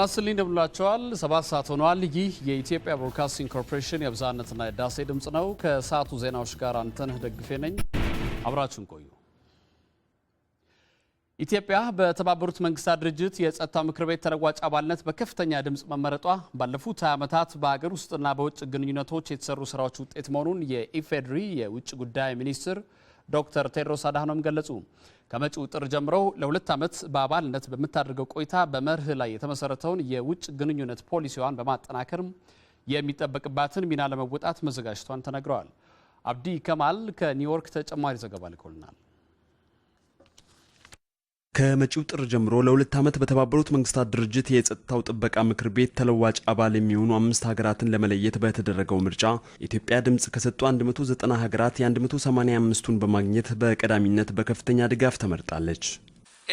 ጤና ይስጥልኝ እንደምላቸዋል። ሰባት ሰዓት ሆኗል። ይህ የኢትዮጵያ ብሮድካስቲንግ ኮርፖሬሽን የብዝሃነትና የዳሴ ድምፅ ነው። ከሰዓቱ ዜናዎች ጋር አንተነህ ደግፌ ነኝ። አብራችን ቆዩ። ኢትዮጵያ በተባበሩት መንግስታት ድርጅት የጸጥታ ምክር ቤት ተለዋጭ አባልነት በከፍተኛ ድምፅ መመረጧ ባለፉት 20 ዓመታት በአገር ውስጥና በውጭ ግንኙነቶች የተሰሩ ስራዎች ውጤት መሆኑን የኢፌዴሪ የውጭ ጉዳይ ሚኒስትር ዶክተር ቴድሮስ አድሃኖም ገለጹ። ከመጪው ጥር ጀምሮ ለሁለት ዓመት በአባልነት በምታደርገው ቆይታ በመርህ ላይ የተመሰረተውን የውጭ ግንኙነት ፖሊሲዋን በማጠናከር የሚጠበቅባትን ሚና ለመወጣት መዘጋጀቷን ተነግረዋል። አብዲ ከማል ከኒውዮርክ ተጨማሪ ዘገባ ልኮልናል። ከመጪው ጥር ጀምሮ ለሁለት ዓመት በተባበሩት መንግስታት ድርጅት የጸጥታው ጥበቃ ምክር ቤት ተለዋጭ አባል የሚሆኑ አምስት ሀገራትን ለመለየት በተደረገው ምርጫ ኢትዮጵያ ድምፅ ከሰጡ 190 ሀገራት የ185ቱን በማግኘት በቀዳሚነት በከፍተኛ ድጋፍ ተመርጣለች።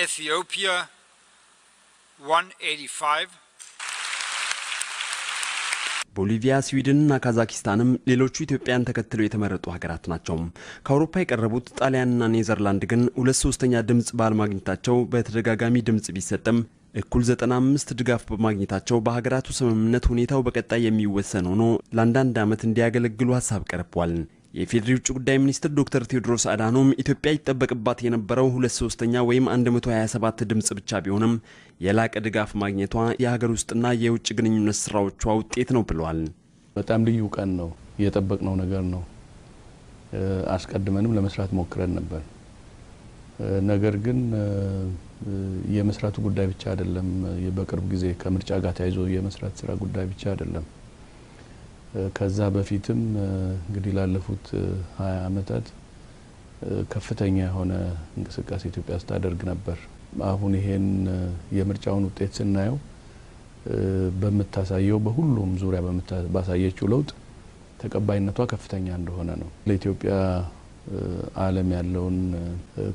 ኢትዮጵያ 185 ቦሊቪያ፣ ስዊድንና ካዛኪስታንም ሌሎቹ ኢትዮጵያን ተከትለው የተመረጡ ሀገራት ናቸው። ከአውሮፓ የቀረቡት ጣሊያንና ኔዘርላንድ ግን ሁለት ሶስተኛ ድምፅ ባለማግኘታቸው በተደጋጋሚ ድምፅ ቢሰጥም እኩል 95 ድጋፍ በማግኘታቸው በሀገራቱ ስምምነት ሁኔታው በቀጣይ የሚወሰን ሆኖ ለአንዳንድ ዓመት እንዲያገለግሉ ሀሳብ ቀርቧል። የኢፌዴሪ ውጭ ጉዳይ ሚኒስትር ዶክተር ቴዎድሮስ አዳኖም ኢትዮጵያ ይጠበቅባት የነበረው ሁለት ሶስተኛ ወይም 127 ድምፅ ብቻ ቢሆንም የላቀ ድጋፍ ማግኘቷ የሀገር ውስጥና የውጭ ግንኙነት ስራዎቿ ውጤት ነው ብለዋል። በጣም ልዩ ቀን ነው፣ የጠበቅነው ነገር ነው። አስቀድመንም ለመስራት ሞክረን ነበር። ነገር ግን የመስራቱ ጉዳይ ብቻ አይደለም። በቅርብ ጊዜ ከምርጫ ጋር ተያይዞ የመስራት ስራ ጉዳይ ብቻ አይደለም ከዛ በፊትም እንግዲህ ላለፉት ሀያ ዓመታት ከፍተኛ የሆነ እንቅስቃሴ ኢትዮጵያ ስታደርግ ነበር። አሁን ይሄን የምርጫውን ውጤት ስናየው በምታሳየው በሁሉም ዙሪያ ባሳየችው ለውጥ ተቀባይነቷ ከፍተኛ እንደሆነ ነው። ለኢትዮጵያ ዓለም ያለውን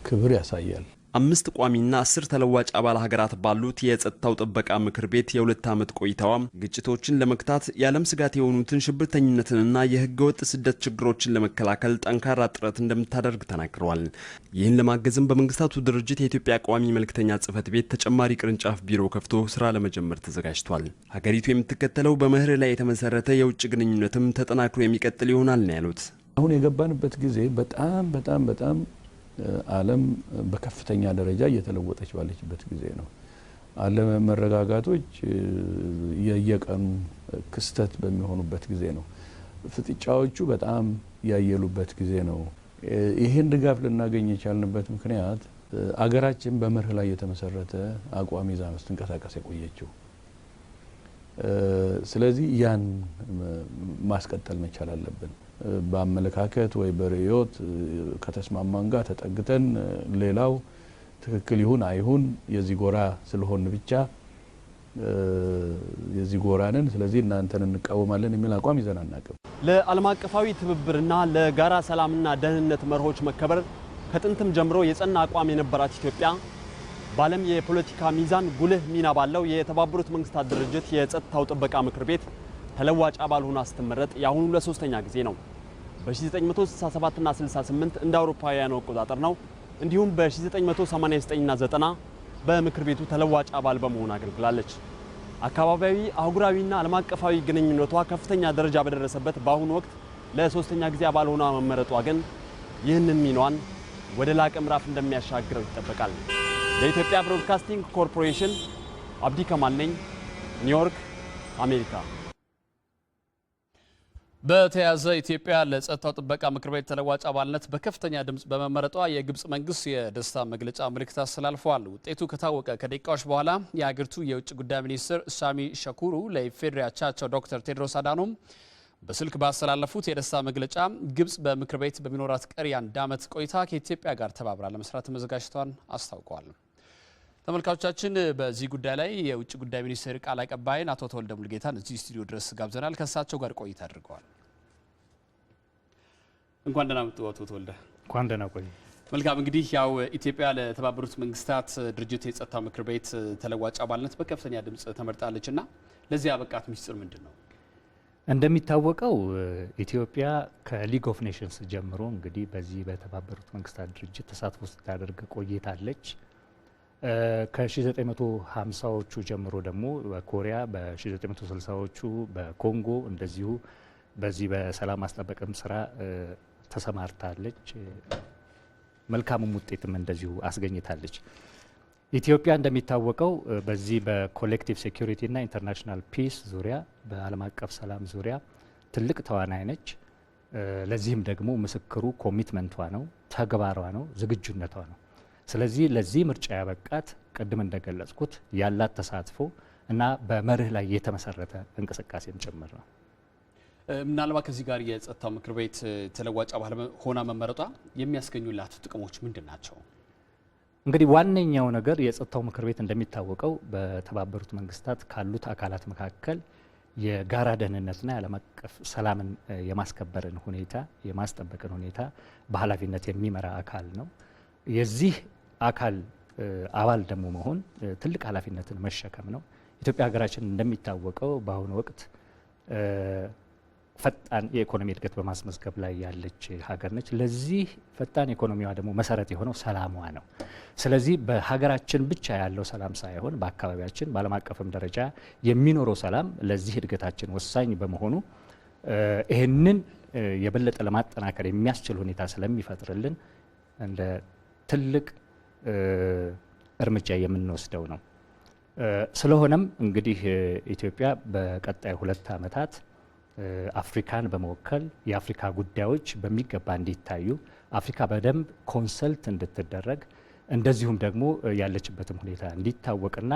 ክብር ያሳያል። አምስት ቋሚና አስር ተለዋጭ አባል ሀገራት ባሉት የጸጥታው ጥበቃ ምክር ቤት የሁለት ዓመት ቆይታዋ ግጭቶችን ለመግታት የዓለም ስጋት የሆኑትን ሽብርተኝነትንና የህገወጥ ስደት ችግሮችን ለመከላከል ጠንካራ ጥረት እንደምታደርግ ተናግረዋል። ይህን ለማገዝም በመንግስታቱ ድርጅት የኢትዮጵያ ቋሚ መልክተኛ ጽህፈት ቤት ተጨማሪ ቅርንጫፍ ቢሮ ከፍቶ ስራ ለመጀመር ተዘጋጅቷል። ሀገሪቱ የምትከተለው በመርህ ላይ የተመሰረተ የውጭ ግንኙነትም ተጠናክሮ የሚቀጥል ይሆናል ነው ያሉት። አሁን የገባንበት ጊዜ በጣም በጣም በጣም ዓለም በከፍተኛ ደረጃ እየተለወጠች ባለችበት ጊዜ ነው። አለመረጋጋቶች የየቀኑ ክስተት በሚሆኑበት ጊዜ ነው። ፍጥጫዎቹ በጣም ያየሉበት ጊዜ ነው። ይህን ድጋፍ ልናገኝ የቻልንበት ምክንያት አገራችን በመርህ ላይ የተመሰረተ አቋም ይዛ ነው ስትንቀሳቀስ የቆየችው። ስለዚህ ያን ማስቀጠል መቻል አለብን። በአመለካከት ወይ በርዕዮት ከተስማማን ጋር ተጠግተን ሌላው ትክክል ይሁን አይሁን የዚህ ጎራ ስለሆን ብቻ የዚህ ጎራንን ስለዚህ እናንተን እንቃወማለን የሚል አቋም ይዘን አናቅም። ለዓለም አቀፋዊ ትብብርና ለጋራ ሰላምና ደህንነት መርሆች መከበር ከጥንትም ጀምሮ የጸና አቋም የነበራት ኢትዮጵያ በዓለም የፖለቲካ ሚዛን ጉልህ ሚና ባለው የተባበሩት መንግስታት ድርጅት የጸጥታው ጥበቃ ምክር ቤት ተለዋጭ አባል ሆና ስትመረጥ የአሁኑ ለሶስተኛ ጊዜ ነው። በ1967 እና 68 እንደ አውሮፓውያኑ አቆጣጠር ነው። እንዲሁም በ1989 እና 90 በምክር ቤቱ ተለዋጭ አባል በመሆን አገልግላለች። አካባቢያዊ አህጉራዊና ዓለም አቀፋዊ ግንኙነቷ ከፍተኛ ደረጃ በደረሰበት በአሁኑ ወቅት ለሶስተኛ ጊዜ አባል ሆና መመረጧ ግን ይህንን ሚኗን ወደ ላቀ ምዕራፍ እንደሚያሻግረው ይጠበቃል። ለኢትዮጵያ ብሮድካስቲንግ ኮርፖሬሽን አብዲ ከማል ነኝ፣ ኒውዮርክ፣ አሜሪካ። በተያዘ ኢትዮጵያ ለጸጥታው ጥበቃ ምክር ቤት ተለዋጭ አባልነት በከፍተኛ ድምፅ በመመረጧ የግብፅ መንግስት የደስታ መግለጫ ምልክት አስተላልፈዋል። ውጤቱ ከታወቀ ከደቂቃዎች በኋላ የአገሪቱ የውጭ ጉዳይ ሚኒስትር ሳሚ ሸኩሩ ለኢፌዴሪ አቻቸው ዶክተር ቴድሮስ አዳኖም በስልክ ባስተላለፉት የደስታ መግለጫ ግብፅ በምክር ቤት በሚኖራት ቀሪ አንድ ዓመት ቆይታ ከኢትዮጵያ ጋር ተባብራ ለመስራት መዘጋጀቷን አስታውቀዋል። ተመልካቾቻችን በዚህ ጉዳይ ላይ የውጭ ጉዳይ ሚኒስቴር ቃል አቀባይን አቶ ተወልደ ሙልጌታን እዚህ ስቱዲዮ ድረስ ጋብዘናል። ከእሳቸው ጋር ቆይታ አድርገዋል። እንኳን ደህና መጡ አቶ ተወልደ። እንኳን ደህና መልካም እንግዲህ ያው ኢትዮጵያ ለተባበሩት መንግስታት ድርጅት የጸጥታው ምክር ቤት ተለዋጭ አባልነት በከፍተኛ ድምፅ ተመርጣለች እና ለዚህ አበቃት ሚስጥር ምንድን ነው? እንደሚታወቀው ኢትዮጵያ ከሊግ ኦፍ ኔሽንስ ጀምሮ እንግዲህ በዚህ በተባበሩት መንግስታት ድርጅት ተሳትፎ ስታደርግ ቆይታለች። ከ1950ዎቹ ጀምሮ ደግሞ በኮሪያ በ1960ዎቹ በኮንጎ እንደዚሁ በዚህ በሰላም ማስጠበቅም ስራ ተሰማርታለች። መልካምም ውጤትም እንደዚሁ አስገኝታለች። ኢትዮጵያ እንደሚታወቀው በዚህ በኮሌክቲቭ ሴኩሪቲ እና ኢንተርናሽናል ፒስ ዙሪያ በዓለም አቀፍ ሰላም ዙሪያ ትልቅ ተዋናይ ነች። ለዚህም ደግሞ ምስክሩ ኮሚትመንቷ ነው፣ ተግባሯ ነው፣ ዝግጁነቷ ነው። ስለዚህ ለዚህ ምርጫ ያበቃት ቅድም እንደገለጽኩት ያላት ተሳትፎ እና በመርህ ላይ የተመሰረተ እንቅስቃሴም ጭምር ነው። ምናልባት ከዚህ ጋር የጸጥታው ምክር ቤት ተለዋጭ አባል ሆና መመረጧ የሚያስገኙላት ጥቅሞች ምንድን ናቸው? እንግዲህ ዋነኛው ነገር የጸጥታው ምክር ቤት እንደሚታወቀው በተባበሩት መንግስታት ካሉት አካላት መካከል የጋራ ደህንነትና የዓለም አቀፍ ሰላምን የማስከበርን ሁኔታ የማስጠበቅን ሁኔታ በኃላፊነት የሚመራ አካል ነው። የዚህ አካል አባል ደግሞ መሆን ትልቅ ኃላፊነትን መሸከም ነው። ኢትዮጵያ ሀገራችን እንደሚታወቀው በአሁኑ ወቅት ፈጣን የኢኮኖሚ እድገት በማስመዝገብ ላይ ያለች ሀገር ነች። ለዚህ ፈጣን ኢኮኖሚዋ ደግሞ መሰረት የሆነው ሰላሟ ነው። ስለዚህ በሀገራችን ብቻ ያለው ሰላም ሳይሆን በአካባቢያችን በዓለም አቀፍም ደረጃ የሚኖረው ሰላም ለዚህ እድገታችን ወሳኝ በመሆኑ ይህንን የበለጠ ለማጠናከር የሚያስችል ሁኔታ ስለሚፈጥርልን እንደ ትልቅ እርምጃ የምንወስደው ነው። ስለሆነም እንግዲህ ኢትዮጵያ በቀጣይ ሁለት ዓመታት አፍሪካን በመወከል የአፍሪካ ጉዳዮች በሚገባ እንዲታዩ አፍሪካ በደንብ ኮንሰልት እንድትደረግ እንደዚሁም ደግሞ ያለችበትም ሁኔታ እንዲታወቅና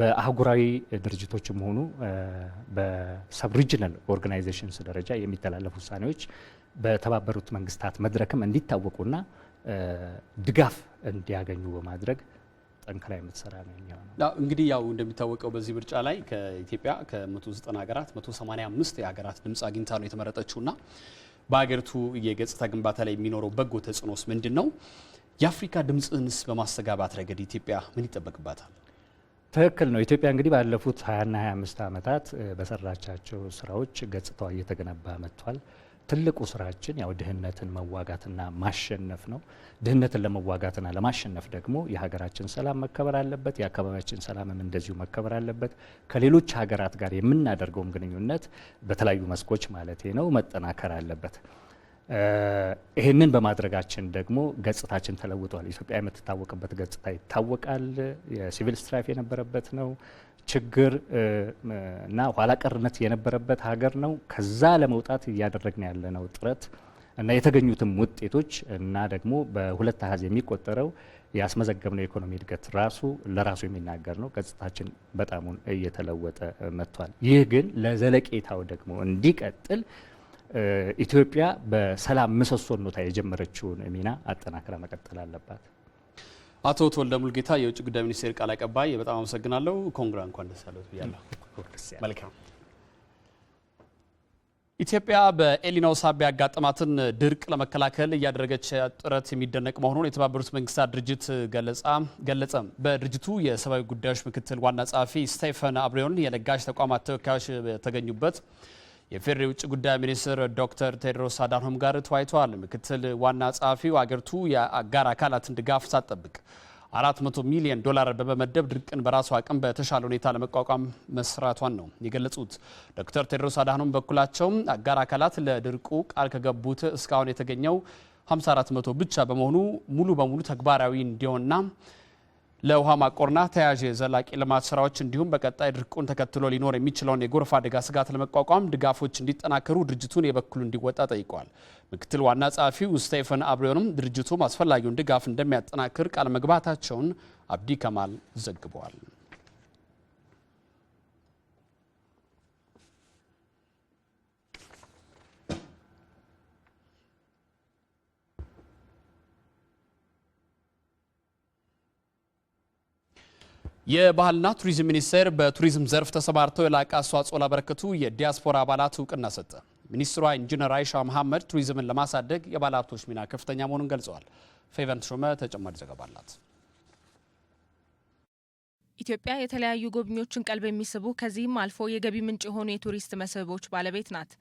በአህጉራዊ ድርጅቶችም ሆኑ በሰብሪጅናል ሪጅናል ኦርጋናይዜሽንስ ደረጃ የሚተላለፉ ውሳኔዎች በተባበሩት መንግስታት መድረክም እንዲታወቁና ድጋፍ እንዲያገኙ በማድረግ ጠንክራ የምትሰራ ነው የሚሆነው። እንግዲህ ያው እንደሚታወቀው በዚህ ምርጫ ላይ ከኢትዮጵያ ከ190 ሀገራት 185 የሀገራት ድምፅ አግኝታ ነው ና በሀገሪቱ የገጽታ ግንባታ ላይ የሚኖረው በጎ ተጽዕኖስ ምንድን ነው? የአፍሪካ ድምፅንስ በማስተጋባት ረገድ ኢትዮጵያ ምን ይጠበቅባታል? ትክክል ነው። ኢትዮጵያ እንግዲህ ባለፉት 20ና 25 ዓመታት በሰራቻቸው ስራዎች ገጽታዋ እየተገነባ መጥቷል። ትልቁ ስራችን ያው ድህነትን መዋጋትና ማሸነፍ ነው። ድህነትን ለመዋጋትና ለማሸነፍ ደግሞ የሀገራችን ሰላም መከበር አለበት። የአካባቢያችን ሰላምም እንደዚሁ መከበር አለበት። ከሌሎች ሀገራት ጋር የምናደርገውም ግንኙነት በተለያዩ መስኮች ማለት ነው መጠናከር አለበት። ይህንን በማድረጋችን ደግሞ ገጽታችን ተለውጧል። ኢትዮጵያ የምትታወቅበት ገጽታ ይታወቃል። የሲቪል ስትራይፍ የነበረበት ነው። ችግር እና ኋላ ቀርነት የነበረበት ሀገር ነው። ከዛ ለመውጣት እያደረግን ያለነው ጥረት እና የተገኙትም ውጤቶች እና ደግሞ በሁለት አሀዝ የሚቆጠረው ያስመዘገብነው የኢኮኖሚ እድገት ራሱ ለራሱ የሚናገር ነው። ገጽታችን በጣሙን እየተለወጠ መጥቷል። ይህ ግን ለዘለቄታው ደግሞ እንዲቀጥል ኢትዮጵያ በሰላም ምሰሶ ኖታ የጀመረችውን ሚና አጠናክራ መቀጠል አለባት። አቶ ተወልደ ሙልጌታ የውጭ ጉዳይ ሚኒስቴር ቃል አቀባይ፣ በጣም አመሰግናለሁ። ኮንግራ እንኳን ደስ ያለት ብያለሁ። መልካም ኢትዮጵያ በኤሊናው ሳቢያ ያጋጠማትን ድርቅ ለመከላከል እያደረገች ጥረት የሚደነቅ መሆኑን የተባበሩት መንግስታት ድርጅት ገለጸ። በድርጅቱ የሰብአዊ ጉዳዮች ምክትል ዋና ጸሐፊ ስቴፈን አብሬዮን የለጋሽ ተቋማት ተወካዮች በተገኙበት የፌዴሪ ውጭ ጉዳይ ሚኒስትር ዶክተር ቴድሮስ አዳኖም ጋር ተወያይተዋል። ምክትል ዋና ጸሐፊው አገሪቱ የአጋር አካላትን ድጋፍ ሳትጠብቅ 400 ሚሊዮን ዶላር በመመደብ ድርቅን በራሱ አቅም በተሻለ ሁኔታ ለመቋቋም መስራቷን ነው የገለጹት። ዶክተር ቴድሮስ አዳኖም በኩላቸው አጋር አካላት ለድርቁ ቃል ከገቡት እስካሁን የተገኘው 54 መቶ ብቻ በመሆኑ ሙሉ በሙሉ ተግባራዊ እንዲሆንና ለውሃ ማቆርና ተያያዥ ዘላቂ ልማት ስራዎች እንዲሁም በቀጣይ ድርቁን ተከትሎ ሊኖር የሚችለውን የጎርፍ አደጋ ስጋት ለመቋቋም ድጋፎች እንዲጠናከሩ ድርጅቱን የበኩሉ እንዲወጣ ጠይቋል። ምክትል ዋና ጸሐፊው ስቴፈን አብሬዮንም ድርጅቱ አስፈላጊውን ድጋፍ እንደሚያጠናክር ቃለ መግባታቸውን አብዲ ከማል ዘግበዋል። የባህልና ቱሪዝም ሚኒስቴር በቱሪዝም ዘርፍ ተሰማርተው የላቀ አስተዋጽኦ ላበረከቱ የዲያስፖራ አባላት እውቅና ሰጠ። ሚኒስትሯ ኢንጂነር አይሻ መሐመድ ቱሪዝምን ለማሳደግ የባለሀብቶች ሚና ከፍተኛ መሆኑን ገልጸዋል። ፌቨንት ሾመ ተጨማሪ ዘገባ አላት። ኢትዮጵያ የተለያዩ ጎብኚዎችን ቀልብ የሚስቡ ከዚህም አልፎ የገቢ ምንጭ የሆኑ የቱሪስት መስህቦች ባለቤት ናት።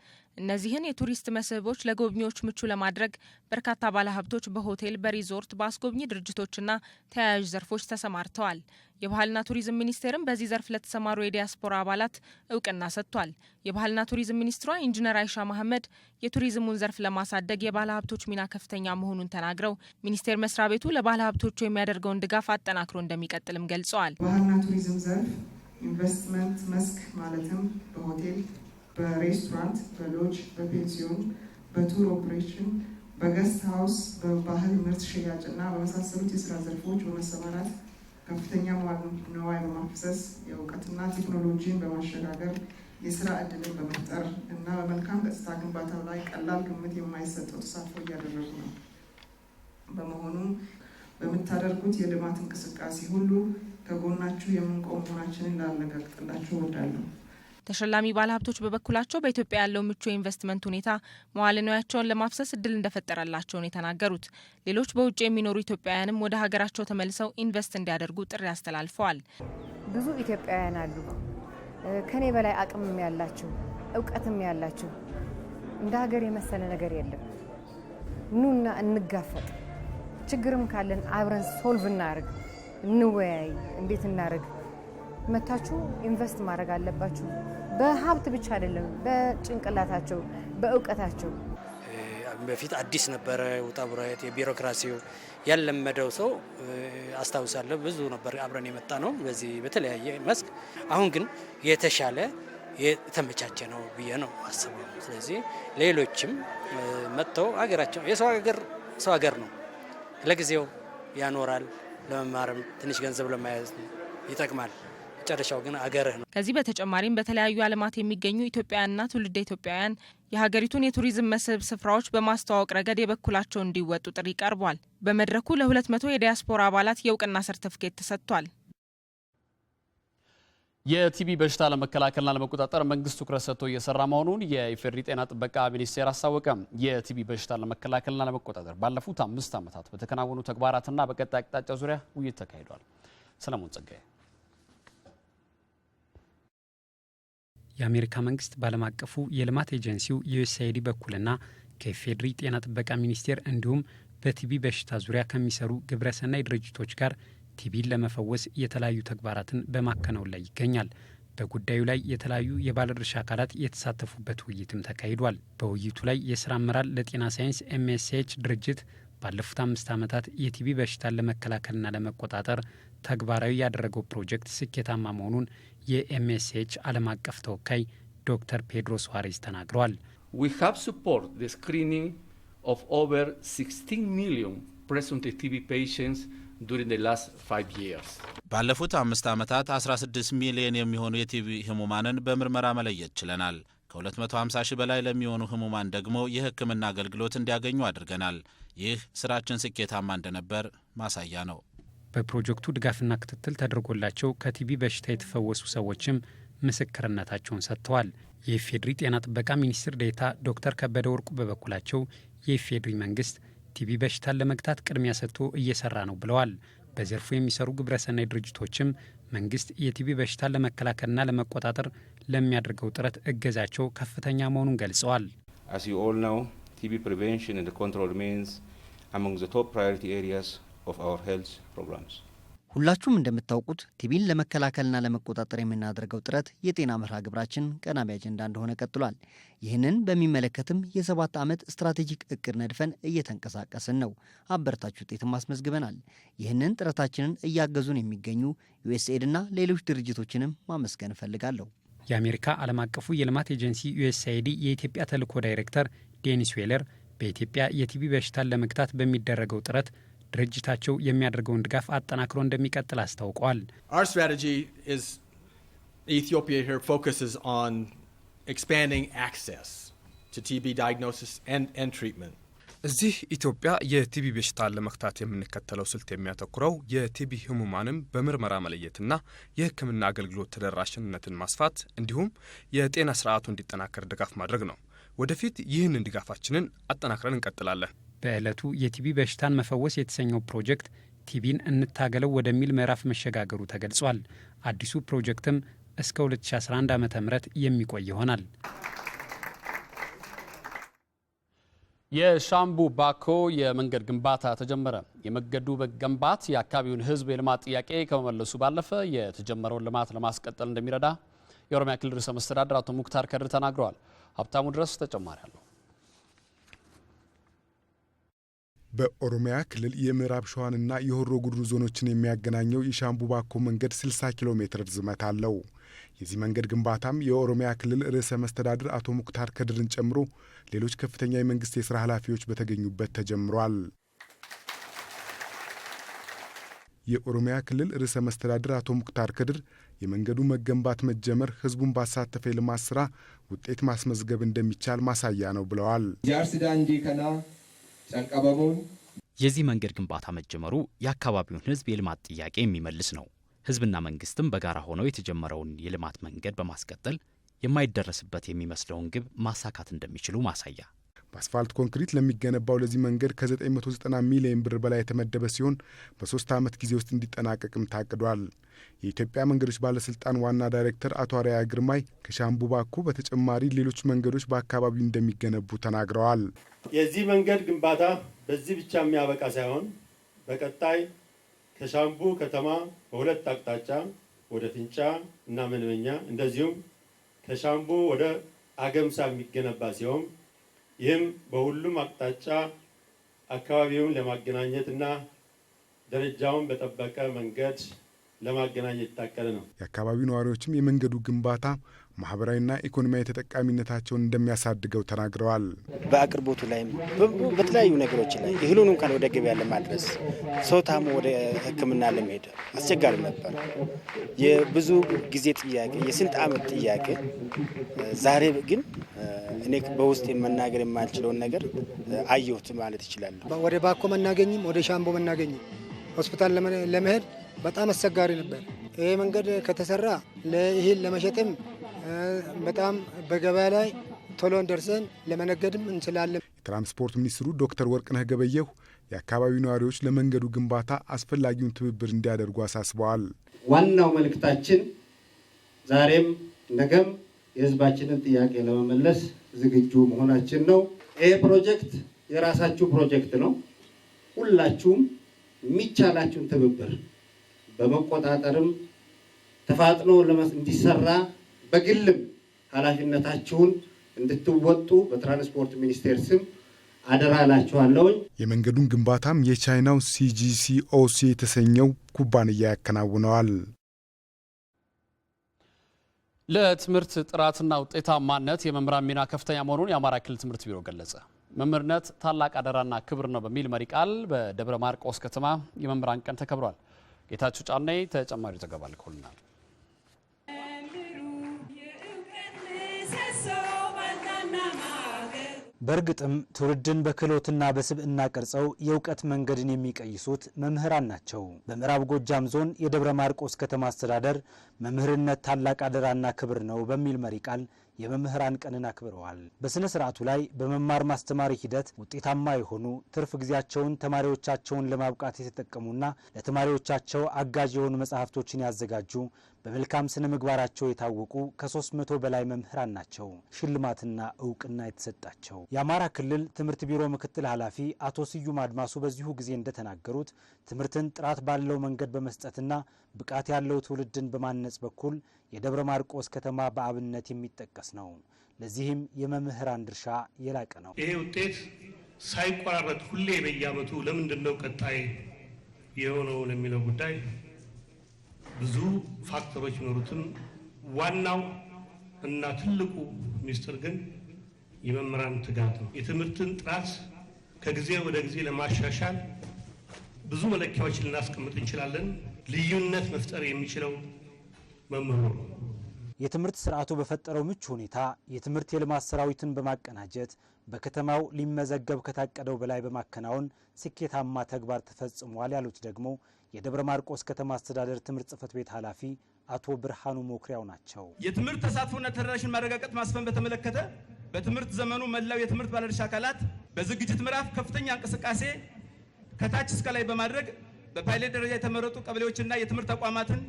እነዚህን የቱሪስት መስህቦች ለጎብኚዎች ምቹ ለማድረግ በርካታ ባለሀብቶች በሆቴል፣ በሪዞርት፣ በአስጎብኚ ድርጅቶችና ተያያዥ ዘርፎች ተሰማርተዋል። የባህልና ቱሪዝም ሚኒስቴርም በዚህ ዘርፍ ለተሰማሩ የዲያስፖራ አባላት እውቅና ሰጥቷል። የባህልና ቱሪዝም ሚኒስትሯ ኢንጂነር አይሻ መሐመድ የቱሪዝሙን ዘርፍ ለማሳደግ የባለሀብቶች ሚና ከፍተኛ መሆኑን ተናግረው ሚኒስቴር መስሪያ ቤቱ ለባለሀብቶቹ የሚያደርገውን ድጋፍ አጠናክሮ እንደሚቀጥልም ገልጸዋል። ባህልና ቱሪዝም ዘርፍ ኢንቨስትመንት መስክ ማለትም በሆቴል በሬስቶራንት፣ በሎጅ፣ በፔንሲዮን፣ በቱር ኦፕሬሽን፣ በገስት ሀውስ፣ በባህል ምርት ሽያጭ እና በመሳሰሉት የስራ ዘርፎች በመሰማራት ከፍተኛ መዋዕለ ንዋይ በማፍሰስ የእውቀትና ቴክኖሎጂን በማሸጋገር የስራ እድልን በመፍጠር እና በመልካም ገጽታ ግንባታው ላይ ቀላል ግምት የማይሰጠው ተሳትፎ እያደረጉ ነው። በመሆኑም በምታደርጉት የልማት እንቅስቃሴ ሁሉ ከጎናችሁ የምንቆም መሆናችንን ላለጋግጥላችሁ እወዳለሁ። ተሸላሚ ባለሀብቶች በበኩላቸው በኢትዮጵያ ያለው ምቹ የኢንቨስትመንት ሁኔታ መዋለ ንዋያቸውን ለማፍሰስ እድል እንደፈጠረላቸውን የተናገሩት ሌሎች በውጭ የሚኖሩ ኢትዮጵያውያንም ወደ ሀገራቸው ተመልሰው ኢንቨስት እንዲያደርጉ ጥሪ አስተላልፈዋል። ብዙ ኢትዮጵያውያን አሉ፣ ከኔ በላይ አቅምም ያላቸው እውቀትም ያላቸው። እንደ ሀገር የመሰለ ነገር የለም። ኑና እንጋፈጥ፣ ችግርም ካለን አብረን ሶልቭ እናርግ፣ እንወያይ፣ እንዴት እናርግ መታችሁ ኢንቨስት ማድረግ አለባችሁ። በሀብት ብቻ አይደለም፣ በጭንቅላታቸው በእውቀታቸው። በፊት አዲስ ነበረ ውጣ ውረድ፣ የቢሮክራሲው ያለመደው ሰው አስታውሳለሁ። ብዙ ነበር አብረን የመጣ ነው በዚህ በተለያየ መስክ። አሁን ግን የተሻለ የተመቻቸ ነው ብዬ ነው አስበው። ስለዚህ ሌሎችም መጥተው አገራቸው የሰው ሀገር ሰው ሀገር ነው ለጊዜው ያኖራል። ለመማርም ትንሽ ገንዘብ ለማያዝ ይጠቅማል። መጨረሻው ግን አገርህ ነው። ከዚህ በተጨማሪም በተለያዩ ዓለማት የሚገኙ ኢትዮጵያውያንና ትውልደ ኢትዮጵያውያን የሀገሪቱን የቱሪዝም መስህብ ስፍራዎች በማስተዋወቅ ረገድ የበኩላቸው እንዲወጡ ጥሪ ቀርቧል። በመድረኩ ለሁለት መቶ የዲያስፖራ አባላት የእውቅና ሰርተፍኬት ተሰጥቷል። የቲቢ በሽታ ለመከላከልና ለመቆጣጠር መንግስት ትኩረት ሰጥቶ እየሰራ መሆኑን የኢፌዴሪ ጤና ጥበቃ ሚኒስቴር አስታወቀ። የቲቢ በሽታ ለመከላከልና ለመቆጣጠር ባለፉት አምስት ዓመታት በተከናወኑ ተግባራትና በቀጣይ አቅጣጫ ዙሪያ ውይይት ተካሂዷል። ሰለሞን ጸጋዬ የአሜሪካ መንግስት በዓለም አቀፉ የልማት ኤጀንሲው ዩኤስአይዲ በኩልና ከኢፌዴሪ ጤና ጥበቃ ሚኒስቴር እንዲሁም በቲቢ በሽታ ዙሪያ ከሚሰሩ ግብረሰናይ ድርጅቶች ጋር ቲቢን ለመፈወስ የተለያዩ ተግባራትን በማከናወን ላይ ይገኛል። በጉዳዩ ላይ የተለያዩ የባለድርሻ አካላት የተሳተፉበት ውይይትም ተካሂዷል። በውይይቱ ላይ የስራ አመራር ለጤና ሳይንስ ኤምኤስኤች ድርጅት ባለፉት አምስት ዓመታት የቲቢ በሽታን ለመከላከልና ለመቆጣጠር ተግባራዊ ያደረገው ፕሮጀክት ስኬታማ መሆኑን የኤምኤስኤች ዓለም አቀፍ ተወካይ ዶክተር ፔድሮ ሱዋሬዝ ተናግረዋል። ዊ ሃቭ ዘ ስክሪኒንግ ኦፍ ኦቨር 16 ሚሊዮን ፕሬስንቴቲቪ ፔሽንትስ ባለፉት አምስት ዓመታት 16 ሚሊዮን የሚሆኑ የቲቪ ህሙማንን በምርመራ መለየት ችለናል። ከ250 ሺህ በላይ ለሚሆኑ ህሙማን ደግሞ የህክምና አገልግሎት እንዲያገኙ አድርገናል። ይህ ስራችን ስኬታማ እንደነበር ማሳያ ነው። በፕሮጀክቱ ድጋፍና ክትትል ተደርጎላቸው ከቲቢ በሽታ የተፈወሱ ሰዎችም ምስክርነታቸውን ሰጥተዋል። የኢፌዴሪ ጤና ጥበቃ ሚኒስትር ዴታ ዶክተር ከበደ ወርቁ በበኩላቸው የኢፌዴሪ መንግስት ቲቢ በሽታን ለመግታት ቅድሚያ ሰጥቶ እየሰራ ነው ብለዋል። በዘርፉ የሚሰሩ ግብረሰናይ ድርጅቶችም መንግስት የቲቢ በሽታን ለመከላከልና ለመቆጣጠር ለሚያደርገው ጥረት እገዛቸው ከፍተኛ መሆኑን ገልጸዋል። አስ ዩ ኦል ናው ቲቢ ፕሪቨንሽን ኤንድ ኮንትሮል ሚንስ አሞንግ ዘ ቶፕ ፕራዮሪቲ ኤሪያስ of our health programs. ሁላችሁም እንደምታውቁት ቲቢን ለመከላከልና ለመቆጣጠር የምናደርገው ጥረት የጤና መርሃ ግብራችን ቀዳሚ አጀንዳ እንደሆነ ቀጥሏል። ይህንን በሚመለከትም የሰባት ዓመት ስትራቴጂክ እቅድ ነድፈን እየተንቀሳቀስን ነው። አበረታች ውጤትም አስመዝግበናል። ይህንን ጥረታችንን እያገዙን የሚገኙ ዩኤስኤድና ሌሎች ድርጅቶችንም ማመስገን እፈልጋለሁ። የአሜሪካ ዓለም አቀፉ የልማት ኤጀንሲ ዩኤስአይዲ የኢትዮጵያ ተልዕኮ ዳይሬክተር ዴኒስ ዌለር በኢትዮጵያ የቲቢ በሽታን ለመግታት በሚደረገው ጥረት ድርጅታቸው የሚያደርገውን ድጋፍ አጠናክሮ እንደሚቀጥል አስታውቋል። እዚህ ኢትዮጵያ የቲቢ በሽታን ለመክታት የምንከተለው ስልት የሚያተኩረው የቲቢ ህሙማንም በምርመራ መለየትና የሕክምና አገልግሎት ተደራሽነትን ማስፋት እንዲሁም የጤና ስርዓቱ እንዲጠናከር ድጋፍ ማድረግ ነው። ወደፊት ይህንን ድጋፋችንን አጠናክረን እንቀጥላለን። በዕለቱ የቲቢ በሽታን መፈወስ የተሰኘው ፕሮጀክት ቲቢን እንታገለው ወደሚል ምዕራፍ መሸጋገሩ ተገልጿል። አዲሱ ፕሮጀክትም እስከ 2011 ዓ ም የሚቆይ ይሆናል። የሻምቡ ባኮ የመንገድ ግንባታ ተጀመረ። የመንገዱ መገንባት የአካባቢውን ሕዝብ የልማት ጥያቄ ከመመለሱ ባለፈ የተጀመረውን ልማት ለማስቀጠል እንደሚረዳ የኦሮሚያ ክልል ርዕሰ መስተዳድር አቶ ሙክታር ከድር ተናግረዋል። ሀብታሙ ድረስ ተጨማሪ አለው። በኦሮሚያ ክልል የምዕራብ ሸዋንና የሆሮ ጉድሩ ዞኖችን የሚያገናኘው የሻምቡባኮ መንገድ 60 ኪሎ ሜትር ርዝመት አለው። የዚህ መንገድ ግንባታም የኦሮሚያ ክልል ርዕሰ መስተዳድር አቶ ሙክታር ከድርን ጨምሮ ሌሎች ከፍተኛ የመንግስት የሥራ ኃላፊዎች በተገኙበት ተጀምሯል። የኦሮሚያ ክልል ርዕሰ መስተዳድር አቶ ሙክታር ከድር የመንገዱ መገንባት መጀመር ህዝቡን ባሳተፈ የልማት ሥራ ውጤት ማስመዝገብ እንደሚቻል ማሳያ ነው ብለዋል። ጃርሲ ዳንዲ ከና ጫካ የዚህ መንገድ ግንባታ መጀመሩ የአካባቢውን ህዝብ የልማት ጥያቄ የሚመልስ ነው። ህዝብና መንግስትም በጋራ ሆነው የተጀመረውን የልማት መንገድ በማስቀጠል የማይደረስበት የሚመስለውን ግብ ማሳካት እንደሚችሉ ማሳያ በአስፋልት ኮንክሪት ለሚገነባው ለዚህ መንገድ ከ990 ሚሊዮን ብር በላይ የተመደበ ሲሆን በሶስት ዓመት ጊዜ ውስጥ እንዲጠናቀቅም ታቅዷል። የኢትዮጵያ መንገዶች ባለስልጣን ዋና ዳይሬክተር አቶ አርያ ግርማይ ከሻምቡ ባኩ በተጨማሪ ሌሎች መንገዶች በአካባቢው እንደሚገነቡ ተናግረዋል። የዚህ መንገድ ግንባታ በዚህ ብቻ የሚያበቃ ሳይሆን በቀጣይ ከሻምቡ ከተማ በሁለት አቅጣጫ ወደ ፍንጫ እና መንበኛ እንደዚሁም ከሻምቡ ወደ አገምሳ የሚገነባ ሲሆን ይህም በሁሉም አቅጣጫ አካባቢውን ለማገናኘት እና ደረጃውን በጠበቀ መንገድ ለማገናኘት የታቀደ ነው። የአካባቢው ነዋሪዎችም የመንገዱ ግንባታ ማህበራዊና ኢኮኖሚያዊ ተጠቃሚነታቸውን እንደሚያሳድገው ተናግረዋል። በአቅርቦቱ ላይም በተለያዩ ነገሮች ላይ እህሉን እንኳን ወደ ገበያ ለማድረስ ሰው ታሞ ወደ ሕክምና ለመሄድ አስቸጋሪ ነበር። የብዙ ጊዜ ጥያቄ፣ የስንት ዓመት ጥያቄ ዛሬ ግን እኔ በውስጥ መናገር የማልችለውን ነገር አየሁት ማለት ይችላለሁ። ወደ ባኮ መናገኝም ወደ ሻምቦ መናገኝም ሆስፒታል ለመሄድ በጣም አስቸጋሪ ነበር። ይህ መንገድ ከተሰራ ለእህል ለመሸጥም በጣም በገበያ ላይ ቶሎን ደርሰን ለመነገድም እንችላለን። የትራንስፖርት ሚኒስትሩ ዶክተር ወርቅነህ ገበየሁ የአካባቢው ነዋሪዎች ለመንገዱ ግንባታ አስፈላጊውን ትብብር እንዲያደርጉ አሳስበዋል። ዋናው መልእክታችን ዛሬም ነገም የህዝባችንን ጥያቄ ለመመለስ ዝግጁ መሆናችን ነው። ይህ ፕሮጀክት የራሳችሁ ፕሮጀክት ነው። ሁላችሁም የሚቻላችሁን ትብብር በመቆጣጠርም ተፋጥኖ እንዲሰራ በግልም ኃላፊነታችሁን እንድትወጡ በትራንስፖርት ሚኒስቴር ስም አደራ ላችኋለውኝ። የመንገዱን ግንባታም የቻይናው ሲጂሲኦሲ የተሰኘው ኩባንያ ያከናውነዋል። ለትምህርት ጥራትና ውጤታማነት የመምህራን ሚና ከፍተኛ መሆኑን የአማራ ክልል ትምህርት ቢሮ ገለጸ። መምህርነት ታላቅ አደራና ክብር ነው በሚል መሪ ቃል በደብረ ማርቆስ ከተማ የመምህራን ቀን ተከብሯል። ጌታችሁ ጫኔ ተጨማሪ ዘገባ ልኮልናል። በእርግጥም ትውልድን በክህሎትና በስብዕና ቀርጸው የእውቀት መንገድን የሚቀይሱት መምህራን ናቸው። በምዕራብ ጎጃም ዞን የደብረ ማርቆስ ከተማ አስተዳደር መምህርነት ታላቅ አደራና ክብር ነው በሚል መሪ ቃል የመምህራን ቀንን አክብረዋል። በሥነ ሥርዓቱ ላይ በመማር ማስተማሪ ሂደት ውጤታማ የሆኑ ትርፍ ጊዜያቸውን ተማሪዎቻቸውን ለማብቃት የተጠቀሙና ለተማሪዎቻቸው አጋዥ የሆኑ መጽሐፍቶችን ያዘጋጁ በመልካም ስነ ምግባራቸው የታወቁ ከሶስት መቶ በላይ መምህራን ናቸው ሽልማትና እውቅና የተሰጣቸው። የአማራ ክልል ትምህርት ቢሮ ምክትል ኃላፊ አቶ ስዩም አድማሱ በዚሁ ጊዜ እንደተናገሩት ትምህርትን ጥራት ባለው መንገድ በመስጠትና ብቃት ያለው ትውልድን በማነጽ በኩል የደብረ ማርቆስ ከተማ በአብነት የሚጠቀስ ነው። ለዚህም የመምህራን ድርሻ የላቀ ነው። ይሄ ውጤት ሳይቆራረጥ ሁሌ በየዓመቱ ለምንድን ነው ቀጣይ የሆነውን የሚለው ጉዳይ ብዙ ፋክተሮች ቢኖሩትም ዋናው እና ትልቁ ሚስጥር ግን የመምህራን ትጋት ነው። የትምህርትን ጥራት ከጊዜ ወደ ጊዜ ለማሻሻል ብዙ መለኪያዎችን ልናስቀምጥ እንችላለን። ልዩነት መፍጠር የሚችለው መምህሩ ነው። የትምህርት ስርዓቱ በፈጠረው ምቹ ሁኔታ የትምህርት የልማት ሰራዊትን በማቀናጀት በከተማው ሊመዘገብ ከታቀደው በላይ በማከናወን ስኬታማ ተግባር ተፈጽሟል ያሉት ደግሞ የደብረ ማርቆስ ከተማ አስተዳደር ትምህርት ጽህፈት ቤት ኃላፊ አቶ ብርሃኑ ሞክሪያው ናቸው። የትምህርት ተሳትፎና ተደራሽን ማረጋገጥ ማስፈን በተመለከተ በትምህርት ዘመኑ መላው የትምህርት ባለድርሻ አካላት በዝግጅት ምዕራፍ ከፍተኛ እንቅስቃሴ ከታች እስከ ላይ በማድረግ በፓይለት ደረጃ የተመረጡ ቀበሌዎችና የትምህርት ተቋማትን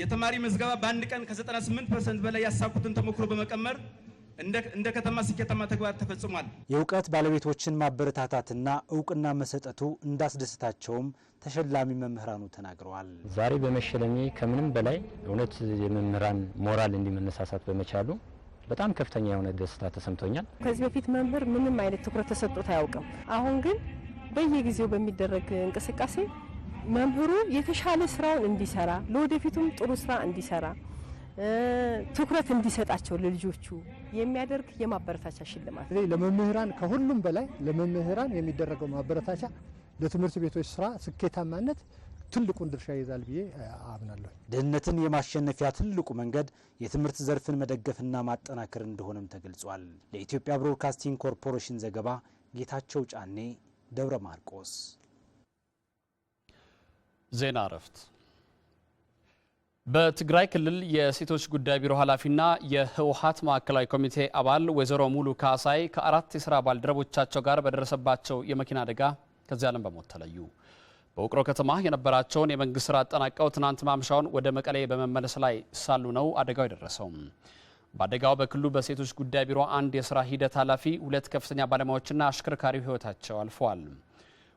የተማሪ ምዝገባ በአንድ ቀን ከ98 ፐርሰንት በላይ ያሳኩትን ተሞክሮ በመቀመር እንደ ከተማ ስኬታማ ተግባር ተፈጽሟል። የእውቀት ባለቤቶችን ማበረታታትና እውቅና መሰጠቱ እንዳስደስታቸውም ተሸላሚ መምህራኑ ተናግረዋል። ዛሬ በመሸለሜ ከምንም በላይ እውነት የመምህራን ሞራል እንዲመነሳሳት በመቻሉ በጣም ከፍተኛ የሆነ ደስታ ተሰምቶኛል። ከዚህ በፊት መምህር ምንም አይነት ትኩረት ተሰጥቶት አያውቅም። አሁን ግን በየጊዜው በሚደረግ እንቅስቃሴ መምህሩ የተሻለ ስራውን እንዲሰራ ለወደፊቱም ጥሩ ስራ እንዲሰራ ትኩረት እንዲሰጣቸው ለልጆቹ የሚያደርግ የማበረታቻ ሽልማት ለመምህራን ከሁሉም በላይ ለመምህራን የሚደረገው ማበረታቻ ለትምህርት ቤቶች ስራ ስኬታማነት ትልቁን ድርሻ ይይዛል ብዬ አምናለሁ። ድህነትን የማሸነፊያ ትልቁ መንገድ የትምህርት ዘርፍን መደገፍና ማጠናከር እንደሆነም ተገልጿል። ለኢትዮጵያ ብሮድካስቲንግ ኮርፖሬሽን ዘገባ ጌታቸው ጫኔ ደብረ ማርቆስ ዜና እረፍት በትግራይ ክልል የሴቶች ጉዳይ ቢሮ ኃላፊና የህወሀት ማዕከላዊ ኮሚቴ አባል ወይዘሮ ሙሉ ካሳይ ከአራት የስራ ባልደረቦቻቸው ጋር በደረሰባቸው የመኪና አደጋ ከዚህ ዓለም በሞት ተለዩ። በውቅሮ ከተማ የነበራቸውን የመንግስት ስራ አጠናቀው ትናንት ማምሻውን ወደ መቀሌ በመመለስ ላይ ሳሉ ነው አደጋው የደረሰው። በአደጋው በክልሉ በሴቶች ጉዳይ ቢሮ አንድ የስራ ሂደት ኃላፊ፣ ሁለት ከፍተኛ ባለሙያዎችና አሽከርካሪው ህይወታቸው አልፈዋል።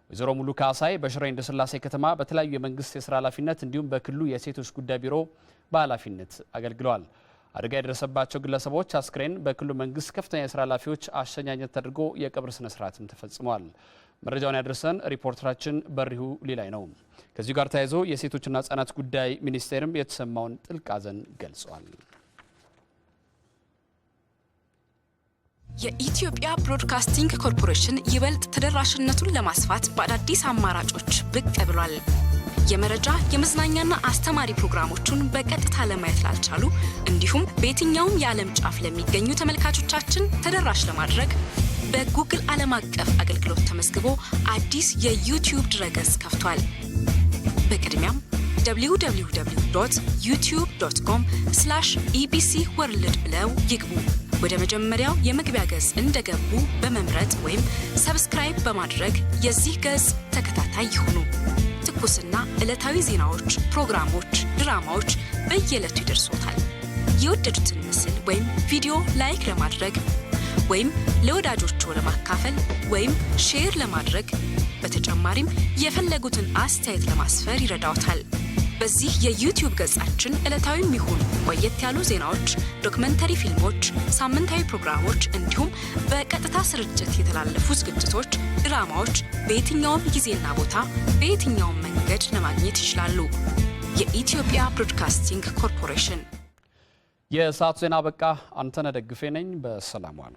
ወይዘሮ ሙሉ ካሳይ በሽሬ እንደስላሴ ከተማ በተለያዩ የመንግስት የስራ ኃላፊነት እንዲሁም በክልሉ የሴቶች ጉዳይ ቢሮ በኃላፊነት አገልግለዋል። አደጋ የደረሰባቸው ግለሰቦች አስክሬን በክልሉ መንግስት ከፍተኛ የስራ ኃላፊዎች አሸኛኘት ተደርጎ የቀብር ስነ ስርዓትም ተፈጽሟል። መረጃውን ያደረሰን ሪፖርተራችን በሪሁ ሊላይ ነው። ከዚሁ ጋር ተያይዞ የሴቶችና ህጻናት ጉዳይ ሚኒስቴርም የተሰማውን ጥልቅ ሐዘን ገልጿል። የኢትዮጵያ ብሮድካስቲንግ ኮርፖሬሽን ይበልጥ ተደራሽነቱን ለማስፋት በአዳዲስ አማራጮች ብቅ ብሏል። የመረጃ የመዝናኛና አስተማሪ ፕሮግራሞቹን በቀጥታ ለማየት ላልቻሉ እንዲሁም በየትኛውም የዓለም ጫፍ ለሚገኙ ተመልካቾቻችን ተደራሽ ለማድረግ በጉግል ዓለም አቀፍ አገልግሎት ተመዝግቦ አዲስ የዩቲዩብ ድረገጽ ከፍቷል። በቅድሚያም www ዩቲዩብ ኮም ኢቢሲ ወርልድ ብለው ይግቡ። ወደ መጀመሪያው የመግቢያ ገጽ እንደገቡ በመምረጥ ወይም ሰብስክራይብ በማድረግ የዚህ ገጽ ተከታታይ ይሁኑ። ትኩስና ዕለታዊ ዜናዎች፣ ፕሮግራሞች፣ ድራማዎች በየዕለቱ ይደርሶታል። የወደዱትን ምስል ወይም ቪዲዮ ላይክ ለማድረግ ወይም ለወዳጆቹ ለማካፈል ወይም ሼር ለማድረግ በተጨማሪም የፈለጉትን አስተያየት ለማስፈር ይረዳውታል። በዚህ የዩቲዩብ ገጻችን ዕለታዊ የሚሆኑ ቆየት ያሉ ዜናዎች፣ ዶክመንተሪ ፊልሞች፣ ሳምንታዊ ፕሮግራሞች እንዲሁም በቀጥታ ስርጭት የተላለፉ ዝግጅቶች፣ ድራማዎች በየትኛውም ጊዜና ቦታ በየትኛውም መንገድ ለማግኘት ይችላሉ። የኢትዮጵያ ብሮድካስቲንግ ኮርፖሬሽን። የሰዓቱ ዜና በቃ። አንተነህ ደግፌ ነኝ። በሰላም ዋሉ።